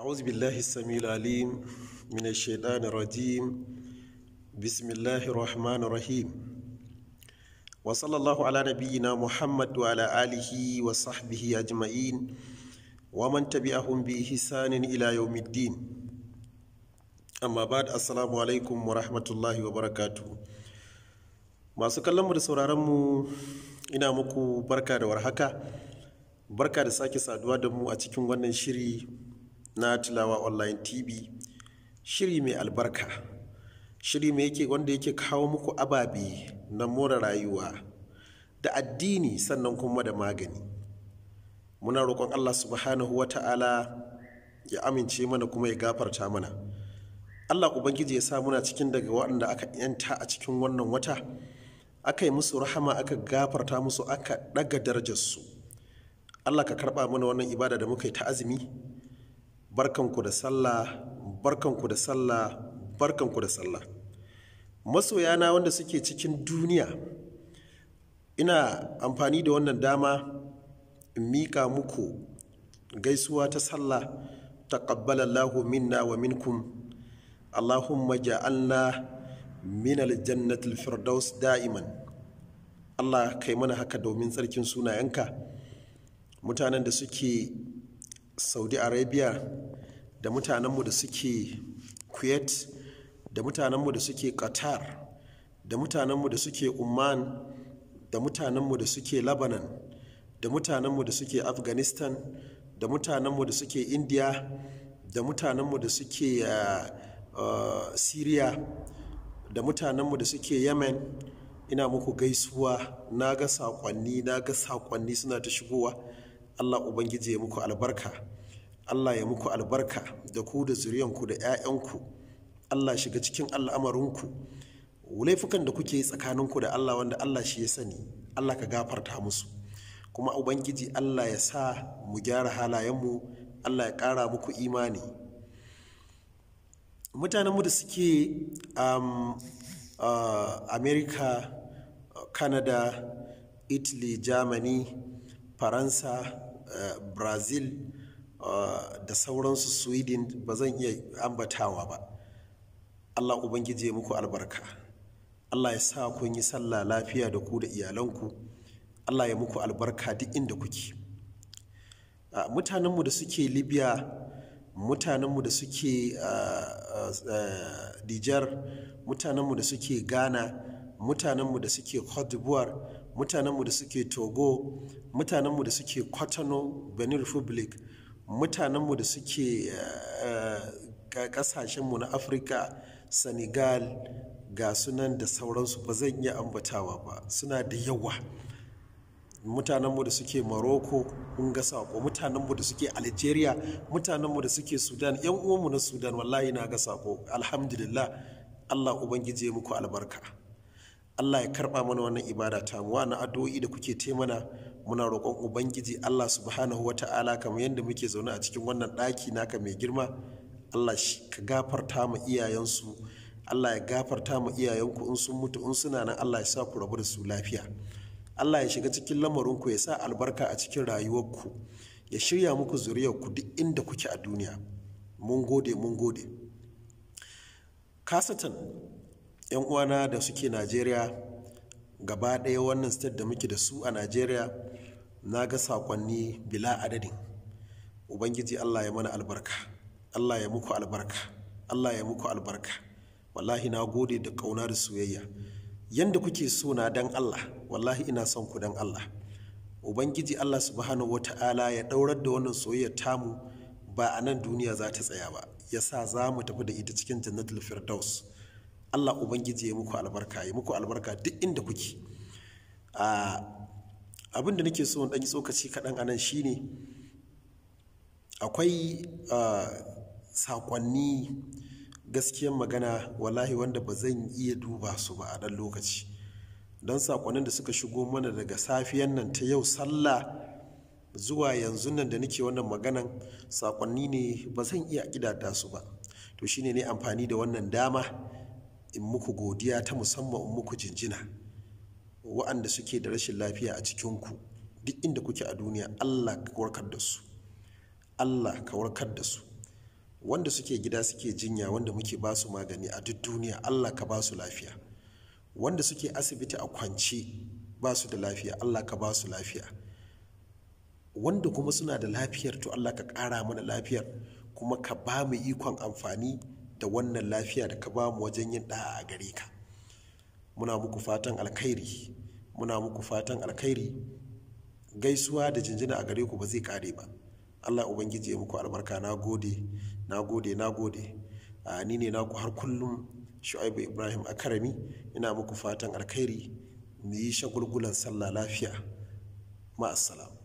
أعوذ بالله السميع العليم من الشيطان الرجيم بسم الله الرحمن الرحيم وصلى الله على نبينا محمد وعلى آله وصحبه أجمعين ومن تبعهم بإحسان إلى يوم الدين أما بعد السلام عليكم ورحمة الله وبركاته masu kallonmu da sauraronmu ina muku barka da warhaka barka da sake saduwa da mu a cikin wannan shiri na tilawa online tv shiri mai albarka shiri mai yake wanda yake kawo muku ababe na more rayuwa da addini sannan kuma da magani muna roƙon allah subhanahu wa ta'ala ya amince mana kuma ya gafarta mana allah ubangiji ya sa muna cikin daga waɗanda aka yanta a cikin wannan wata aka yi musu rahama aka gafarta musu aka ɗaga darajarsu allah ka karɓa mana wannan ibada da muka yi ta azumi barkanku da sallah barkanku da sallah barkanku da sallah masoyana wanda suke cikin duniya ina amfani da wannan dama in mika muku gaisuwa ta sallah taqabbalallahu minna wa minkum allahumma ja'alna min aljannati alfirdaus da'iman Allah kai mana haka domin tsarkin sunayenka mutanen da suke saudi arabia da mutanenmu da suke kuwait da mutanenmu da suke qatar da mutanenmu da suke umman da mutanenmu da suke lebanon da mutanenmu da suke afghanistan da mutanenmu da suke india da mutanenmu da suke eh, eh, syria da mutanenmu da suke yemen ina muku gaisuwa na ga saƙonni na ga saƙonni suna ta shigowa Allah ubangiji ya muku albarka Allah ya muku albarka da ku da zuriyanku da 'ya'yanku Allah shiga cikin al'amarinku laifukan da kuke tsakaninku da Allah wanda Allah shi ya sani Allah ka gafarta musu kuma ubangiji Allah ya sa mu gyara halayenmu Allah ya ƙara muku imani mutanenmu da suke um, uh, canada italy germany faransa Eh, brazil eh, da sauransu sweden ba zan iya ambatawa ba allah ubangiji ya muku albarka allah ya sa kun yi sallah lafiya da ku da iyalanku allah ya muku albarka duk inda kuke ah, mutanenmu da suke libya mutanenmu da suke dijar eh, mutanenmu da suke ghana mutanenmu da suke cote d'ivoire mutanenmu da suke togo mutanenmu da suke kwatano benin republic mutanenmu da suke kasashenmu eh, eh, na afirka senegal ga sunan da sauransu ba zan iya ambatawa ba suna da yawa mutanenmu da suke morocco kun ga sako mutanenmu da suke algeria mutanenmu da suke sudan yan uwanmu na sudan wallahi na ga sako alhamdulillah allah ubangiji ya muku albarka Allah ya karɓa mana wannan ibada ta mu na addu'o'i da kuke te mana muna roƙon ubangiji Allah subhanahu ta'ala kamar yadda muke zaune a cikin wannan ɗaki naka mai girma Allah ka gafarta mu iyayensu Allah ya gafarta mu iyayenku in sun mutu in suna nan Allah ya sa ku rabu da su lafiya Allah ya shiga cikin lamarinku ya sa albarka a cikin rayuwarku ya shirya muku zuriyarku duk inda kuke a duniya mun gode mun gode kasatan 'yan uwana da suke najeriya gaba ɗaya wannan state da muke da su a najeriya na ga sakonni bila adadin ubangiji allah ya mana albarka allah ya muku albarka allah ya muku albarka wallahi na gode da ƙauna da soyayya yadda kuke so na dan allah wallahi ina son ku dan allah ubangiji allah subhanahu wata'ala ya ɗaurar da wannan soyayyar tamu ba a nan duniya za ta tsaya ba yasa za mu tafi da ita cikin jannatul firdaus Allah ubangiji ya muku albarka ya muku albarka duk inda kuke abin da nake so in ɗan yi tsokaci kaɗan anan shine akwai saƙonni gaskiyar magana wallahi wanda ba zan iya duba su ba a ɗan lokaci don saƙonnin da suka shigo mana daga safiyan nan ta yau sallah zuwa yanzu nan da nake wannan maganan sakonni ne ba zan iya ƙidata su ba to shine ne amfani da wannan dama in muku godiya ta musamman in muku jinjina wa'anda suke da rashin lafiya a cikinku duk inda kuke a duniya allah ka warkar da su allah ka warkar da su wanda suke gida suke jinya wanda muke ba su magani a duk duniya allah ka ba su lafiya wanda suke asibiti a kwance ba su da lafiya allah ka ba su lafiya wanda kuma suna da lafiyar to allah ka ƙara mana lafiyar kuma ka ba mu ikon amfani da wannan lafiya da ka ba mu wajen yin ɗa'a a gare ka muna muku fatan alkhairi muna muku fatan alkhairi gaisuwa da jinjina a gare ku ba zai kare ba allah ubangiji ya muku albarka na gode na gode na gode a ni ne naku har kullum shu'aibu ibrahim akarami ina muku fatan alkhairi mu yi shagulgulan sallah lafiya ma'assalam